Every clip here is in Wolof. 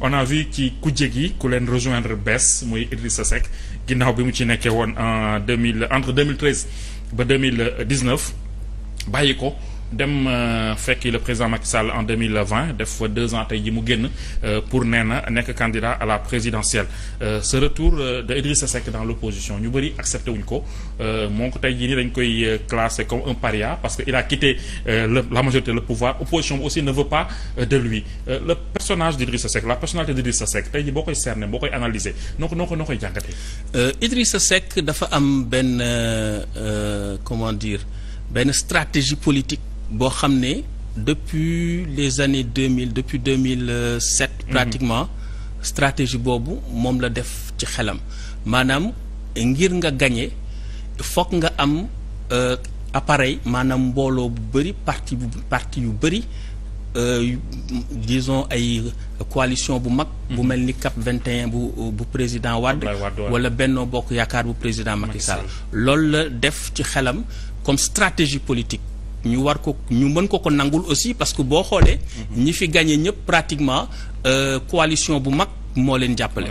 on a vu ci kujje gi ku leen rejoindre bees mooy muy Idrissa Seck ginnaaw bi mu ci nekkee woon en deux mille entre deux mille treize ba deux mille dix neuf bàyyi ko. dem euh, fekki le président Macky Sall en 2020 def fa deux ans tey ji mu génn euh, pour nee na nekk candidat a la présidentielle euh, ce retour de Idrissa Seck dans l'opposition ñu bëri accepté wuñ ko moo ko tey jii nii dañ koy classé comme un paria parce que il a quitté la majorité la pouvoir opposition aussi ne veut pas de lui le personnage d'Idrissa Seck la personnalité d'Idrissa Seck tey ji boo koy cerner boo koy analyser noo ko noo ko noo koy jàngatee. Idrissa Seck dafa am benn comment dire benn boo xam ne depuis les années deux mille depuis deux mille sept mhm. pratiquement stratégie boobu moom la def ci xelam maanaam ngir nga gañe foog nga am euh, appareil maanaam mbooloo bu bëri parti bu parti yu bëri euh, disons ay coalition bu mag bu mhm. mel ni CAP 21 bu bu président Wade wala Benno Bokk Yaakaar bu président Macky Sall loolu la def ci xelam comme stratégie politique ñu war ko ñu mën ko ko nangul aussi parce que boo xoolee. Mhm. ñi fi gañee ñëpp pratiquement euh, coalition bu mag moo leen jàppale.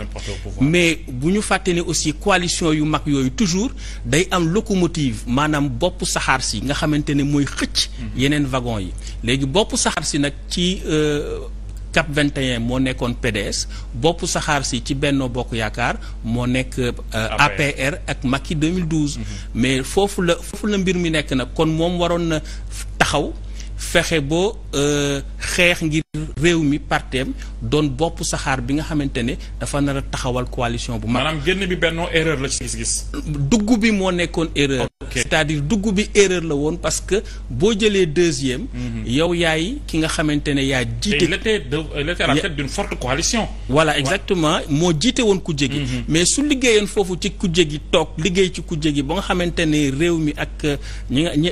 mais bu ñu fàtte ne aussi coalition yu mag yooyu toujours day am locomotive maanaam bopp saxaar si nga xamante ne mooy xëcc. Mhm. yeneen wagon yi léegi bopp saxaar si nag ci. Euh, CAP 21 moo nekkoon PDS boppu saxaar si ci Benno Bokk Yaakaar moo nekk euh, APR ak Macky 2012 mhm. mais foofu la foofu la mbir mi nekk na kon moom waroon na taxaw fexe ba euh, xeex ngir réew mi parteem doon bopp saxaar bi nga xamante ne dafa nar a taxawal coalition bu maanaam génn bi benn erreur la ci gis-gis. dugg bi moo nekkoon erreur. c'est-à-dire dugg bi erreur la woon parce que boo jëlee deuxième. Mhm. yow yaay ki nga xamante ne yaa jiite. il était il était à la tête d'une forte coalition. voilà exactement moo jiite woon kujje gi. Mhm. mais su liggéeyoon foofu ci kujje gi toog liggéey ci kuje gi ba nga xamante ne réew mi ak euh, ñi nga ñi.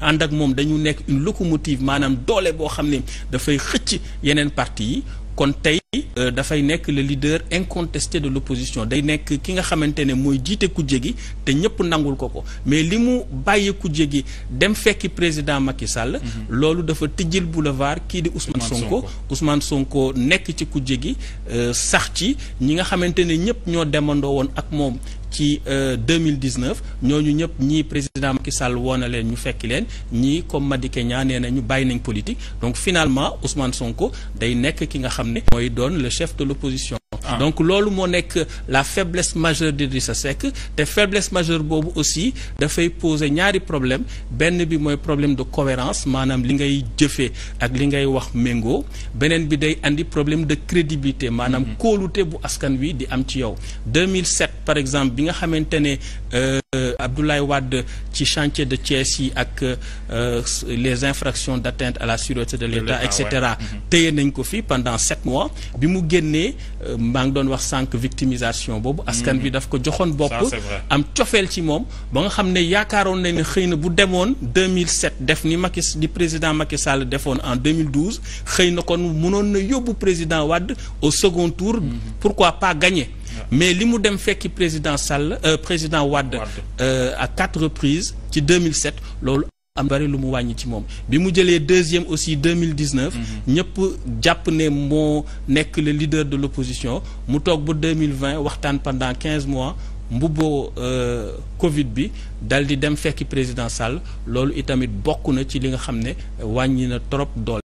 ànd ak moom dañu nekk une locomotive maanaam doole boo xam ne dafay xëcc yeneen parti yi kon tey euh, dafay nekk le leader incontesté de l'opposition day nekk ki nga xamante ne mooy jiite kujje gi te ñëpp nangul ko ko mais li mu bàyyi kujje gi dem fekki président Macky Sall. Mhm. loolu dafa tijjil boulevard kii di Ousmane Sonko Ousmane Sonko nekk ci kujje gi euh, sax ci ñi nga xamante ne ñëpp ñoo demandoo woon ak moom ci euh, deux mille dix neuf ñooñu ñëpp ñii président Macky Sall woo na leen ñu fekki leen ñii comme Madické Niang nee na ñu bàyyi nañ politique donc finalement Ousmane Sonko day nekk ki nga xam ne mooy doon le chef de l'opposition ah. donc loolu moo nekk la faiblesse majeure sa Seck te faiblesse majeure boobu aussi dafay poser ñaari problème benn bi mooy problème de cohérence maanaam li ngay jëfee ak li ngay wax méngoo beneen bi day indi problème de crédibilité maanaam mm-hmm. kóolute bu askan wi di am ci yow par exemple bi nga xamante ne euh, Abdoulaye Wade ci chantier de Thiès yi ak euh, les infractions d'atteinte à la sûreté de l'État et cetera mhm. téye nañ ko fi pendant sept mois bi mu génnee euh, maa ngi doon wax sànq victimisation boobu mhm. askan bi daf ko joxoon bopp am cofeel ci moom ba nga xam ne yaakaaroon nañ ne xëy na bu demoon 2007 def ni Macky di président Macky Sall defoon en 2012 xëy na kon mënoon na yóbbu président Wade au second tour mhm. pourquoi pas gagner mais li mu dem fekki président Sall euh, président Wade euh, à quatre reprises ci 2007 loolu am bari lu mu wàññi ci moom bi mu jëlee deuxième aussi 2019 mhm. ñëpp jàpp ne moo nekk le leader de l'opposition mu toog ba 2020 waxtaan pendant quinze mois mbubboo euh, Covid bi dal di dem fekki président Sall loolu itamit bokk na ci li nga xam ne wàññi na trop doole